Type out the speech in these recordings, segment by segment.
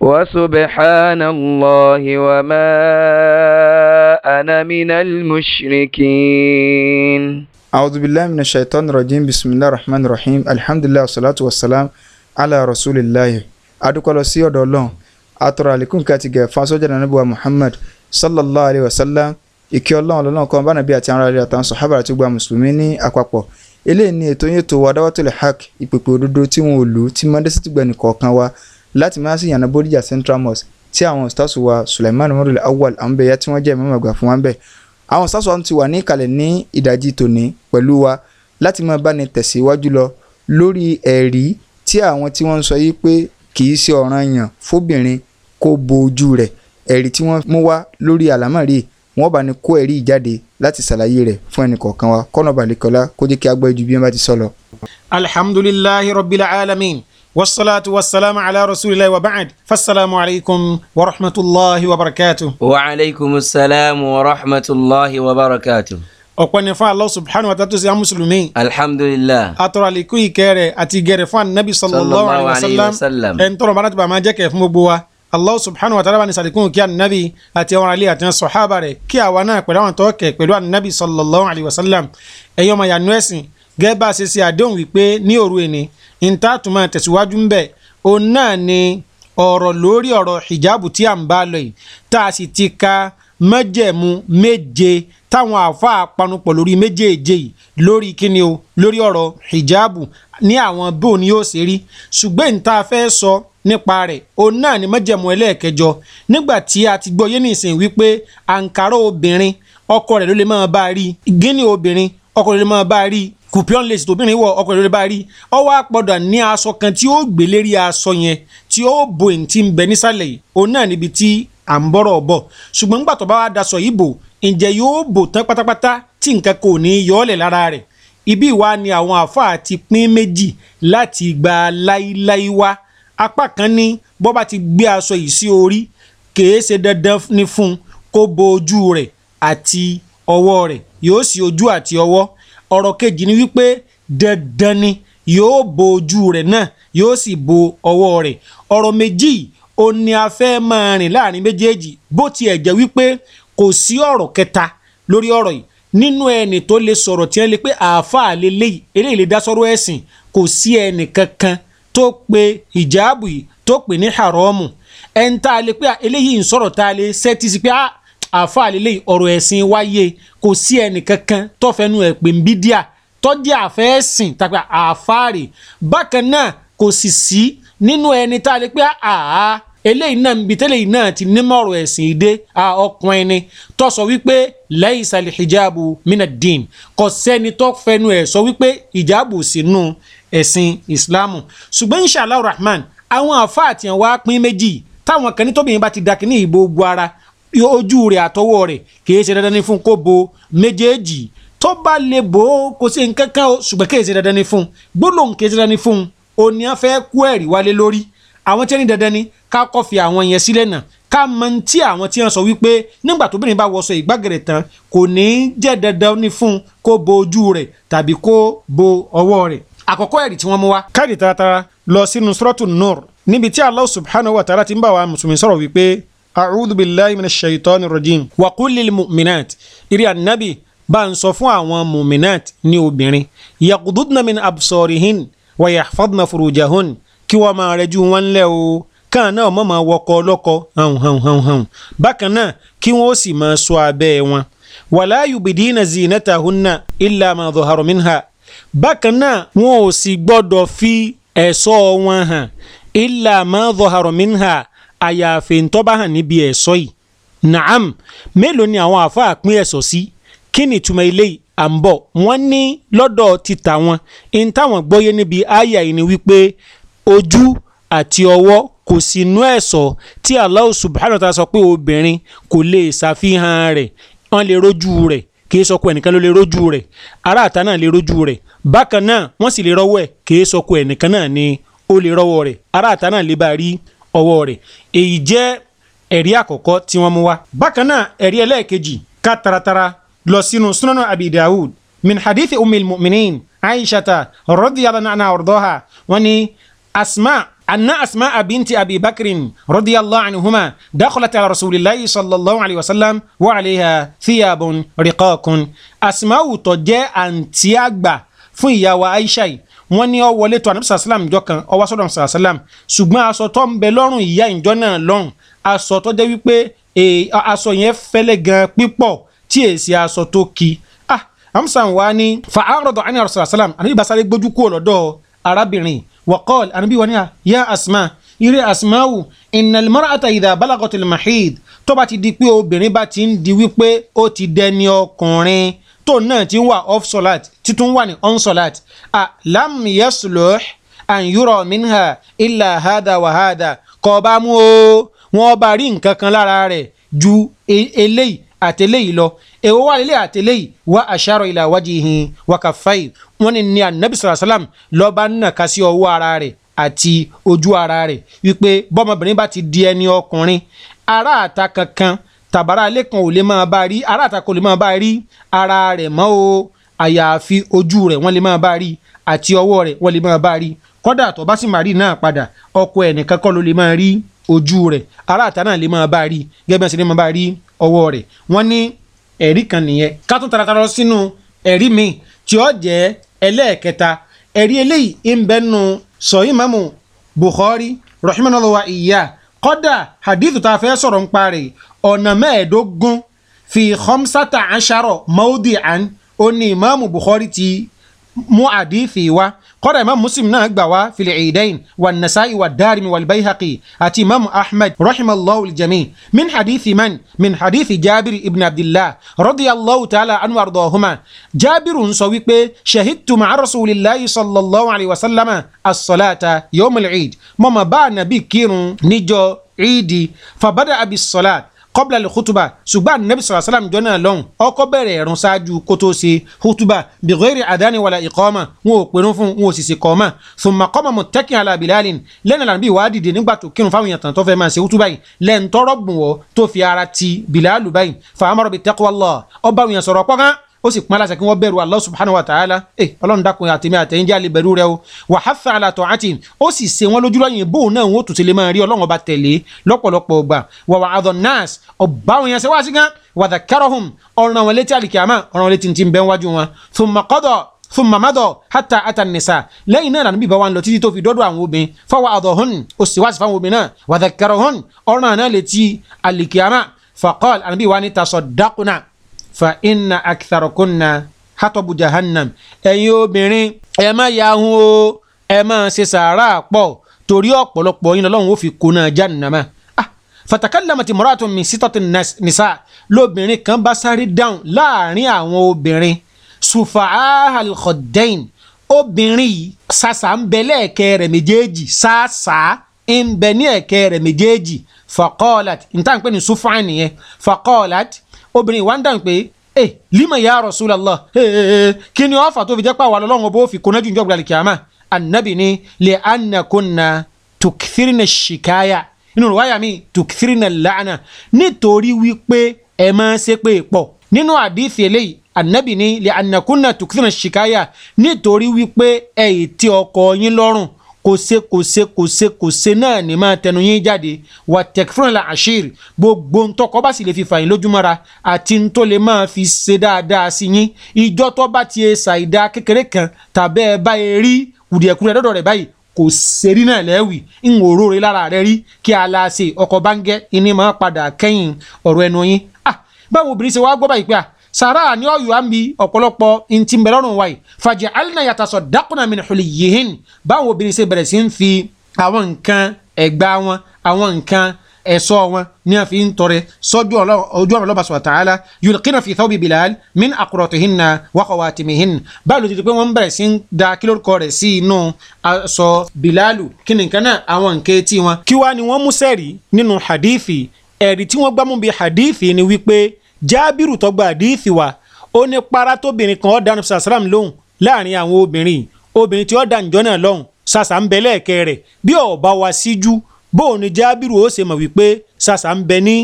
وسبحان الله وما أنا من المشركين أعوذ بالله من الشيطان الرجيم بسم الله الرحمن الرحيم الحمد لله والصلاة والسلام على رسول الله adúpẹ́ lọ sí ọ̀dọ̀ Ọlọ́run atọrọ àlékún kàti gẹ fún asọjà nàbí wa Muhammad sallallahu alayhi wa sallam ìkí Ọlọ́run lọlọrun kan bá nàbí àti aráàlú àtàwọn sọhábà àti gba mùsùlùmí ní àpapọ̀ eléyìí ni ètò yẹn tó wa dáwọ́tò lè hàk ìpèpè òdodo tí wọn ò lù tí mọ́ndé sì ti gbẹ̀ nìkọ̀ọ̀kan wa láti máa sì yànnà Bódìjà Central Mosque tí àwọn ọ̀sítàṣù wa Suleiman murul awal àwọn bẹ̀yà tí wọ́n jẹ́ ìmọ̀ àgbà fún wa ń bẹ̀ àwọn ọ̀sítàṣù wa ti wà ní ìkàlẹ̀ ní ìdajì tòní pẹ̀lú wa láti máa bá ni tẹ̀síwájú lọ lórí ẹ̀rí tí àwọn tí wọ́n ń sọ yìí pé kì í ṣe ọ̀ranyàn fóbìnrin kó bo ojú rẹ̀ ẹ̀rí tí wọ́n mú wá lórí àlámọ̀rí wọ́n bá ní kó ẹ̀rí ìjáde láti ṣàlàyé rẹ̀ fún ẹnìkọ̀ọ̀kan wa kọ́nà balẹ̀kọ́lá kó jẹ́ kí a bí wọ́n bá ti sọ lọ. alhamdulillahi rabbil alamin والصلاة والسلام على رسول الله وبعد فالسلام عليكم ورحمة الله وبركاته وعليكم السلام ورحمة الله وبركاته ọpẹ́ ni fún Allah subhanahu wa ta'ala tó ṣe àwọn mùsùlùmí. alhamdulilah. atọrọ àlékún ìkẹrẹ àti ìgẹrẹ fún anabi sallallahu alayhi wa sallam ẹni tọrọ bá láti bá máa jẹ kẹ fún gbogbo wa. Allah subhanahu wa ta'ala bá ní sàlékún kí anabi àti àwọn alẹ́ àti sọ̀hábà rẹ̀ kí àwa náà pẹ̀lú àwọn tọ́kẹ̀ pẹ̀lú anabi sallallahu alayhi wa sallam ẹ̀yọ́ ọmọ yanu ẹ̀sìn gẹ́gẹ́ bá ṣe ṣe àdéhùn wípé ní òru ẹni níta tún tẹ̀síwájú ń bẹ̀ òun náà ni ọ̀rọ̀ lórí ọ̀rọ̀ hijabu tí à ń bá lọ yìí tá a sì ti ka májẹ̀mú méje táwọn àáfàá panupọ̀ lórí méjèèje yìí lórí kíni o lórí ọ̀rọ̀ hijabu ní àwọn bó ni yóò ṣe rí ṣùgbọ́n níta fẹ́ sọ nípa rẹ̀ òun náà ni májẹ̀mú ẹlẹ́ẹ̀kẹjọ nígbà tí a ti gbọ́ yé nìsín wípé àǹkárá obìnrin ọkọ rẹ̀ ló lè máa bá a rí gíní obìnrin ọkọ rẹ̀ ló lè máa bá a rí kùpíọ̀n lè ṣètò obìnrin wọ ọkọ̀ ìrẹ́lẹ́ bá rí ọwọ́ àpọ̀dà ní aṣọ kan tí ó gbé lérí aṣọ yẹn tí ó bo èyí tí ń bẹ nísàlẹ̀ yìí òun náà níbi tí à ń bọ̀rọ̀ bọ̀ ṣùgbọ́n nígbà bá wá daṣọ yìí bò ǹjẹ́ yóò bò tán pátápátá tí nǹkan kò ní yọ̀ọ́lẹ̀ lára rẹ̀ ibi wa ni àwọn àáfàá ti pín méjì láti gba láíláí wá apá kan ní bó bá ti gbé aṣọ yìí sí orí kèé ṣe dandan ni fún kó bo ojú rẹ̀ àti ọwọ́ rẹ̀ yóò sì ojú àti ọwọ́ ọ̀rọ̀ kejì ni wípé dandan ni yóò bo ojú rẹ̀ náà yóò sì bo ọwọ́ rẹ̀ ọ̀rọ̀ méjì ó ní a fẹ́ máa rìn láàrin méjèèjì bó tiẹ̀ jẹ́ wípé kò sí ọ̀rọ̀ kẹta lórí ọ̀rọ̀ yìí nínú ẹni tó lè sọ̀rọ̀ tí wọ́n lè pé àáfàá lélẹ́yìí eléyìí lè dá sọ́rọ̀ ẹ̀sìn kò sí ẹnì kankan tó pe ìjáàbù yìí tó pè ní haramu ẹni tá a lè pé eléyìí ń sọ̀rọ̀ tá a lè ṣẹ́tí sí pé ah àfa àlélẹ́ ọ̀rọ̀ ẹ̀sìn wáyé kò sí ẹnìkankan tọ́fẹ́nu ẹ̀ pé ń bí díà tọ́jú àfẹ́sìn tàbí àfáàrè bákan náà kò sì sí nínú ẹni tá a lè pé àá eléyìí náà níbi tẹ́lẹ̀ yìí náà ti nímọ̀ ọ̀rọ̀ ẹ̀sìn ìdè ọkùnrin ni tó sọ wípé laysa al-hijabu mina din kò sẹ́ni tó fẹnu ẹ̀ sọ wípé ìjáàbù sínú ẹ̀sìn ìsìláàmù ṣùgbọ́n insha rahman àwọn àfáà tiẹ̀ wá pín méjì táwọn kan ní tóbìnrin bá ti dàkíní ìbò gbogbo ara ojú rẹ̀ àtọwọ́ rẹ̀ kìí ṣe dandan ní fún kó bo méjèèjì tó bá lè bò ó kò sí nǹkan kan ṣùgbọ́n kìí ṣe dandan ní fún gbólóhùn kìí ṣe dandan ní fún òní á fẹ́ kú ẹ̀rí wálé lórí àwọn tí wọ́n ní dandan ni ká kọ́ fi àwọn yẹn sílẹ̀ náà ká mọ tí àwọn tí wọ́n sọ wípé nígbà tó bìnrin bá wọṣọ ìgbàgẹ̀rẹ̀ tán kò ní jẹ́ dandan ní fún kó bo ojú rẹ̀ tàbí kó bo ọwọ́ rẹ̀ àkọ́kọ́ ẹ̀rí tí wọ́n mú wa. káàdì taratara lọ sínú sọ́rọ́tù nùr níbi tí Allah subhanahu wa ta'ala ti ń bá wa mùsùlùmí sọ̀rọ̀ wípé a'udhu billahi minash shaitani rajim wa qul lil mu'minat ìrì ànábì bá ń sọ fún àwọn mu'minat ní obìnrin yaqududna min absorihin wa yahfadna furujahun kí wọ́n máa rẹjú wọn lẹ́ o káà náà mọ̀ máa wọkọ̀ ọlọ́kọ̀ hàn hàn hàn hàn bákan náà kí wọ́n ó sì máa ṣọ́ abẹ́ wọn wala yubidina zinatahunna illa ma dhahara minha bákan náà wọn ò sì gbọ́dọ̀ fi ẹ̀ṣọ́ wọn hàn illa ma dhahara àyàfi ntọ́ba hàn níbi ẹ̀sọ́ yìí naam mélòó ni àwọn àáfàá pín ẹ̀sọ́ sí kí ni ìtumọ̀ eléyìí à ń bọ̀ wọ́n ní lọ́dọ̀ títà wọn n táwọn gbọ́yé níbi àyà yìí ni wípé ojú àti ọwọ́ kò sí inú ẹ̀sọ́ tí sọ pé obìnrin kò lè ṣàfihàn rẹ̀ ọwọ́ rẹ̀ èyí jẹ́ ẹ̀rí àkọ́kọ́ tí wọ́n mú wá. bákan náà ẹ̀rí ẹlẹ́ẹ̀kejì ká taratara lọ sínú sunanu abi dawud min hadithi umil mu'minin aishata radiyallahu anha ardaha wọ́n ní asma أن أسماء بنت أبي بكر رضي الله عنهما دخلت على رسول الله صلى الله عليه وسلم وعليها ثياب رقاق أسماء tó jẹ́ àǹtí àgbà fún ìyá wa wọ́n ní ọ wọlé tó anabi sàlám jọ kan ọwọ́ sọ́dọ̀ sàlám ṣùgbọ́n aṣọ tó ń bẹ lọ́rùn ìyá ìjọ náà lọ́rùn aṣọ tó jẹ́ wípé e, aṣọ yẹn fẹ́lẹ́ gan pípọ̀ tí èsì aṣọ tó ki ah amsa wa ni fa arọdọ ani arọ sàlám anabi basare gbójú kúrò lọ́dọ̀ arábìnrin wakọl anabi wa a ya asma ire asmawu ìnàlmọ́ra àtàyèdà balagọ́tìlmahid tó bá ti di pé obìnrin bá ti ń di wípé ó ti dẹni ọkùnrin tó náà ti wà off solat títún wà ní on solat a lam yasluh an yura minha illa hada wa hada kò bá mú o wọn bá rí nǹkan kan lára rẹ̀ ju eléyìí àtẹlẹyìí lọ èwo wà lélẹ àtẹlẹyìí wa ashara ila wajihi wa kaffai wọn ni ní anabi sallallahu alayhi wa sallam lọba nàka sí ọwọ́ ara rẹ̀ àti ojú ara rẹ̀ wípé bọ́mọbìnrin bá ti di ẹni ọkùnrin ara àta kankan tàbárà ilé kan ò lè máa bá rí ará àta kò lè máa bá rí ara rẹ̀ mọ́ o àyàfi ojú rẹ̀ wọ́n lè máa bá rí àti ọwọ́ rẹ̀ wọ́n lè máa bá rí kọ́dà tó bá sì máa rí náà padà ọkọ ẹnìkan kọ́ ló lè máa rí ojú rẹ̀ ará àta náà lè máa bá rí gẹ́gẹ́ bí wọ́n sì lè máa bá rí ọwọ́ rẹ̀ wọ́n ní ẹ̀rí kan nìyẹn ká tún taratara sínú ẹ̀rí mi tí ó jẹ́ ẹlẹ́ẹ̀kẹta ẹ̀rí eléyìí ń bẹ́nu sọ Imamu Bukhari rahimahullah iyah kọ́dà hadithu tá a fẹ́ sọ̀rọ̀ ń parí ọ̀nà mẹ́ẹ̀ẹ́dógún fi khamsata asharo mawdi'an ó ní ìmáàmù Bukhari ti mú hadithi wá kọ́dà imam muslim náà gbà wá fil idain wa nasa'i wa darimi wal bayhaqi àti imam ahmed rahimallahu aljami min hadithi man min hadithi jabir ibn abdullah radiyallahu ta'ala anhu ardahuma jabir ń sọ wípé shahidtu ma'a rasulillahi sallallahu alayhi wa sallama as-salata yawm al-eid mọ́mọ́ bá nàbí kírun níjọ́ ìdí fàbádà abis kọ́bílà lè kútùbà ṣùgbọ́n anabi sọ̀rọ̀ sálàm jọ náà lọ́hùn ọkọ bẹ̀rẹ̀ ẹ̀rùn ṣáájú kó tó ṣe kútùbà bìgọ́rì àdáni wàlà ìkọ́mà wọn ò pinnu fún wọn ò sì sì kọ́mà sùnmà kọ́mà mọ̀ tẹ́kìn àlà bìlálì lẹ́nu àlànà bíi wàá dìde nígbà tó kírun fáwọn èèyàn tó fẹ́ máa ṣe kútùbà yìí lẹ́ńtọ́rọ̀ wọ́ tó fi ara ti bìlálù báyìí fàámọ́rọ̀ bíi tẹ́kọ̀ọ́ lọ ó sì pọn aláṣẹ kí wọ́n bẹ̀rù Allah subhanahu wa ta'ala ẹ eh, ọlọ́run dákun àtẹ̀mí àtẹ̀yìn jẹ́ àlè bẹ̀rù rẹ o wà á fẹ́ àlàtọ̀ àti ó sì ṣe wọn lójú lọ́yìn bóun náà wọ́n tùtù lè máa rí ọlọ́run ọba tẹ̀lé lọ́pọ̀lọpọ̀ ọgbà wà wà àdọ̀ nas ọba àwọn yẹn ṣe wá sí gan wà dà kẹrọhùn ọ̀ràn wọn létí àlìkíyàmá ọ̀ràn wọn létí ti ń bẹ wájú wọn thumma qada thumma madọ hata ata nisa lẹ́yìn náà nàbí bá wa lọ títí tó fi dọdọ àwọn obìnrin fọwọ àdọ hàn ó wá sí fáwọn obìnrin náà wàdàkẹrọ hàn ọ̀ràn náà létí àlìkíyàmá faqal ànàbí wa ni tasọdaquna fa inna akitharokunna hatobu jahannam ẹ̀yin obìnrin ẹ má yahun o ẹ má ṣe sàárà pọ̀ torí ọ̀pọ̀lọpọ̀ yín lọ́lọ́run ó fi kóná jahannama ah, fatakalamati muratun min sitati nisa lóbìnrin kan bá sáré dáhùn láàrin àwọn obìnrin sufaha alkhodain obìnrin yìí ń bẹ lẹ́ẹ̀kẹ́ rẹ̀ méjèèjì sàṣà ń bẹ ní ẹ̀kẹ́ rẹ̀ méjèèjì fakọ́lat níta ń pè ní nìyẹn fakọ́lat obìnrin wa ń dàn pé ẹ eh, lima ya Rasulullah kí ni ọ̀fà tó fi jẹ́ pàwọ́ ọlọ́run bó fi kóná jù níjọ́ gbàlẹ̀ kìámà anabi ni lè anakunna tukthirina shikaya inú rúwáyà mi tukthirina la'ana nítorí wípé ẹ máa ṣe pé pọ̀ nínú àdìsí eléyìí anabi ni lè anakunna tukthirina shikaya nítorí wípé ẹ̀ ì tí ọkọ yín lọ́rùn Kose kose kose kose kò ṣe kò ṣe náà ní máa tẹnu yín jáde wà tẹkifúnla àṣírí gbogbo ntọkọ bá sì lè fi fàyín lójúmọ́ra àti ntọ́ lè máa fi ṣe dáadáa sí yín ìjọ tó bá ti ṣàìdá kékeré kan tàbí ẹ bá ẹ rí kùdìẹ̀kùdìẹ̀ dọ́dọ̀ rẹ̀ báyìí kò ṣerí náà lẹ́wì ń wò róore lára rẹ̀ rí kí aláṣẹ ọkọ̀ báńgẹ́ ìní máa padà kẹ́yìn ọ̀rọ̀ ẹnu yín. Ah! báwo obìnrin ṣe wá gbọ́ báyìí pé à ah! sàrà ni ọ̀yọ́ à ń bi ọ̀pọ̀lọpọ̀ ntí ń bẹ lọ́rùn wa yìí fàjẹ́ alina yàtọ̀ sọ dákúnà min huliyihin báwo obìnrin ṣe bẹ̀rẹ̀ sí ń fi àwọn nǹkan ẹ̀gbà wọn àwọn nǹkan ẹ̀sọ́ wọn ní a fi ń tọrẹ sọ́jú ojú ọ̀rọ̀ lọ́ba sọ̀tà àlá yulqina fi thawbi bilal min aqratihinna wa khawatimihinna báwo ló ti di pé wọ́n ń bẹ̀rẹ̀ sí ń da kílórúkọ rẹ̀ sí inú aṣọ bilalu kí nìkan náà àwọn nǹkan etí wọn. kí jábìrù tó gba àdìsí wa ó ní para tóbìnrin kan ọ̀dà nàbìsà sàrám lóhùn láàrin àwọn obìnrin obìnrin tí ọ̀dà ǹjọ́ náà lọ́hùn sàṣà ń bẹ lẹ́ẹ̀kẹ́ rẹ̀ bí ọ̀bá wa síjú bóun ni jábìrù ó ṣe mọ̀ wípé sàṣà ń bẹ ní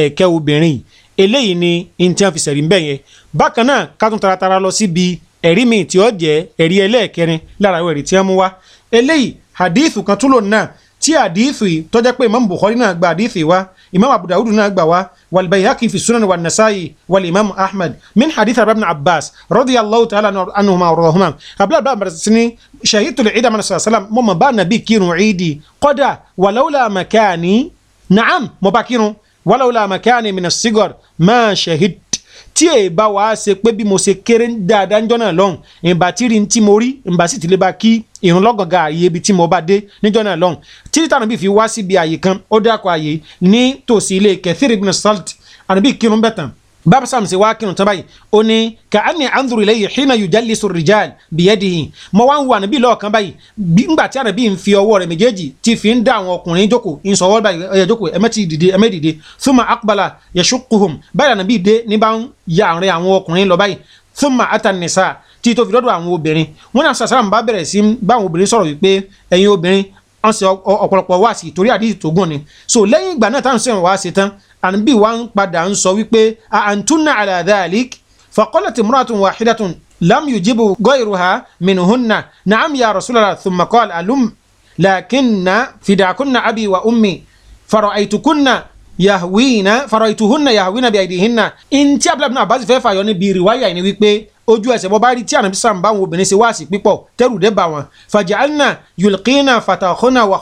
ẹ̀kẹ́ obìnrin eléyìí ni ntí wọn fi sẹ̀rí mbẹ́ yẹn bákan náà ká tún taratara lọ síbi ẹ̀rí mi tí ó jẹ́ ẹ̀rí ẹlẹ́ẹ̀kẹrin lára àwọn ẹ̀rí tí wọ́n mú wá eléyìí hadithu kan tún lò náà tí hadithu tó pé Imam Bukhari náà gba hadithu wa Imam Abu Dawud náà gbà wá والبيهقي في السنن والنسائي والإمام أحمد من حديث ابن عباس رضي الله تعالى عنهما ورضاهما قبل أربع مرسني شهدت العيد من صلى الله عليه وسلم مما بان نبي عيدي قدا ولولا مكاني نعم مباكينو ولولا مكاني من الصغر ما شهدت tí èè bá wàá ṣe pé bí mo ṣe kéré dáadáa ń jọ́nà lọ́hùn ìbá tí rí tí mo rí ìbá sì ti lè ba kí ìrún lọ́gàngà àyè ibi tí mo bá dé níjọ́nà lọ́hùn tí títànà bí fi wá síbi àyè kan ó dákọ̀ àyè ní tòsí ilé kẹfìrì gbin salt àbí kírun bẹ̀tàn bàbá sam ṣe wá kírun tán báyìí ó ní kàánì anzuru ilayhi hina yujallisu rijal biyadihi mo wá ń wo ànábì lọ́ọ̀kan báyìí nígbà tí ànábì ń fi ọwọ́ rẹ̀ méjèèjì ti fi ń dá àwọn ọkùnrin jókòó ń sọ ọwọ́ báyìí ẹ̀yẹ jókòó ẹ̀mẹ́ ti dìde ẹ̀mẹ́ dìde thumma aqbala yashuquhum báyìí ànábì dé ní bá ń ya àárín àwọn ọkùnrin lọ báyìí thumma atan nisa tí tó fi dọ́dọ̀ àwọn obìnrin wọn ànbí wa ń padà ń sọ wípé a àǹtúnà ala dhalik faqalat imra'atun wahidatun lam yujibu ghayruha minhunna na'am ya rasulallah thumma qala alum lakinna fidakunna abi wa ummi fara'aytukunna yahwina fara'aytuhunna yahwina bi aydihinna in tí abúlé náà bá sì fẹ́ fàyọ níbi rìwáyà ni wípé ojú ẹsẹ̀ bọ́ bá rí tí ànàbí sàn bá àwọn obìnrin ṣe wáàsí pípọ̀ tẹ́rù dé bá wọn faja'alna yulqina fatahunna wa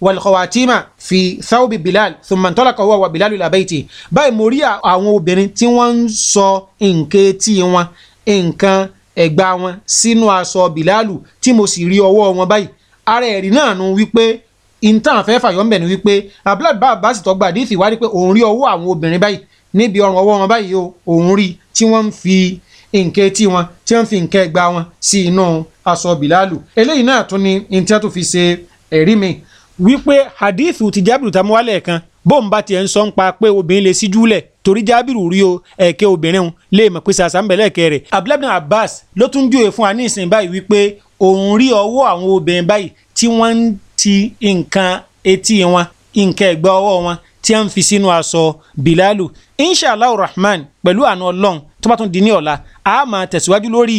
والخواتيم في ثوب بلال ثم انطلق هو وبلال الى بيته báyìí mo rí àwọn obìnrin tí wọ́n ń sọ nǹkan etí wọn nǹkan ẹ̀gbà wọn sínú aṣọ bìláàlù tí mo sì rí ọwọ́ wọn báyìí ara ẹ̀rí náà nu wípé intan fẹ́ fàyọ́ ń bẹ̀ ni wípé abdulhad bá abasi tó gba àdéhìí wá rí pé òun rí ọwọ́ àwọn obìnrin báyìí níbi ọrùn ọwọ́ wọn báyìí o òun rí tí wọ́n ń fi nǹkan etí wọn tí wọ́n ń fi nǹkan ẹ̀gbà wọn sí inú aṣọ bìláàlù eléyìí náà tún ni intan tó fi ṣe ẹ̀rí mi wípé hadithu ti jábìrù tá a mú wálẹ̀ kan bóun bá tiẹ̀ ń sọ ń pa pé obìnrin lè síjú lẹ̀ torí jábìrù rí o ẹ̀kẹ́ obìnrin ń lè mọ̀ pé sàṣà ń abdulhamid abbas ló tún júwe fún wa ní ìsìn báyìí wípé òun rí ọwọ́ àwọn obìnrin báyìí tí wọ́n ń ti nǹkan etí wọn nǹkan ẹ̀gbẹ́ ọwọ́ wọn tí wọ́n ń fi sínú aṣọ bilalu inshallah rahman pẹ̀lú àánú ọlọ́run tó bá tún di ní ọ̀la a máa tẹ̀síwájú lórí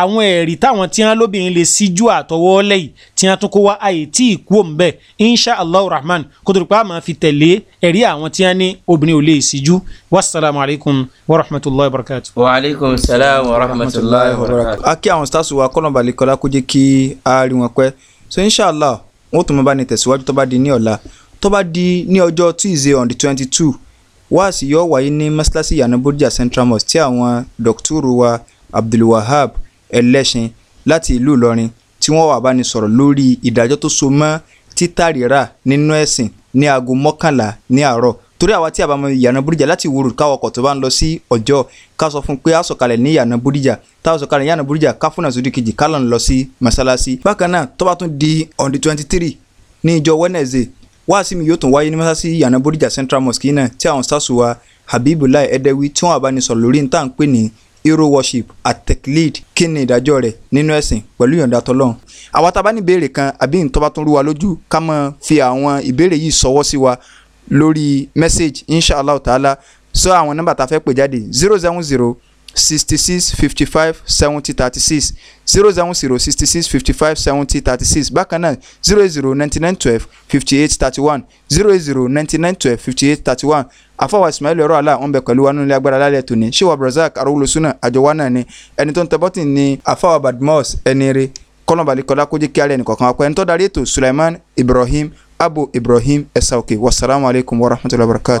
àwọn ẹ̀rí táwọn tí wọ́n lóbìnrin lè síjú àtọwọ́ lẹ́yìn tí wọ́n tún kó wá àyè tí ìkú òǹbẹ̀ insha allah rahman kó tó dípa máa fi tẹ̀lé ẹ̀rí àwọn tí wọ́n ní obìnrin ò lè síjú wasalaamu alaykum wa rahmatulahi wa barakatu. wa aleykum salaam wa rahmatulahi wa barakatu. a kí àwọn sitaasu wa kọ́nà balẹ̀ kọ́lá kó jẹ́ kí a rí wọn pẹ́ so insha allah wọ́n tún máa bá ní tẹ̀síwájú tó di ní ọ̀la tó di ní ọjọ́ tuesday on the twenty two wáàsí yóò wáyé ní ẹlẹ́ṣin láti ìlú ìlọrin tí wọ́n wà bá ní sọ̀rọ̀ lórí ìdájọ́ tó so mọ́ títà rírà nínú ẹ̀sìn ní aago mọ́kànlá ní àárọ̀ torí àwa tí a bá mọ ìyànà bódìjà láti wòrò káwọkọ̀ tó bá ń lọ sí ọjọ́ ká sọ fún pé a sọ̀kalẹ̀ ní ìyànà bódìjà tá a sọ̀kalẹ̀ ìyànà bódìjà ká fúnà sódì kejì ká lọ́n lọ sí mọ́sálásí. bákan náà tó bá tún di on the twenty three ní ìjọ wednesday wáàsí mi yóò tún wáyé ní mọ́sálásí ìyànà bódìjà central mosque náà tí àwọn sars wa Habibullah Edewi tí wọ́n bá ní sọ̀rọ̀ lórí ní tá à ń pè ní hero worship àtẹ̀kílíìd kí ni ìdájọ́ rẹ̀ nínú ẹ̀sìn pẹ̀lú ìyọ̀ǹda tọlọ́run. àwa tá a bá ní ìbéèrè kan àbí nǹkan tó bá tún wa lójú ká máa fi àwọn ìbéèrè yìí ṣọwọ́ sí wa lórí message inshallah ta'ala sọ àwọn nọ́mbà tá a fẹ́ pè jáde zero seven zero sixty six fifty five seventy thirty six zero seven zero sixty six fifty five seventy thirty six bákan náà zero eight zero ninety nine twelve fifty eight thirty one zero eight zero ninety nine twelve fifty eight thirty one afọwọ́ ismail ọ̀rọ̀ àlà wọn bẹ pẹ̀lú wa nínú ilé agbára lálẹ́ tòní ṣé brazak arúgbóṣúná àjọwá náà ni ẹni tó ń tẹ bọ́tì ni afọwọ́ badmus ẹni rẹ kọ́nàbàlíkọ́lá kó jẹ́ kí alẹ́ nìkọ̀kan apẹ́ ẹni tó darí ètò sulaiman ibrahim abu ibrahim ẹ̀sà òkè wasalaamualeykum wa rahmatulahi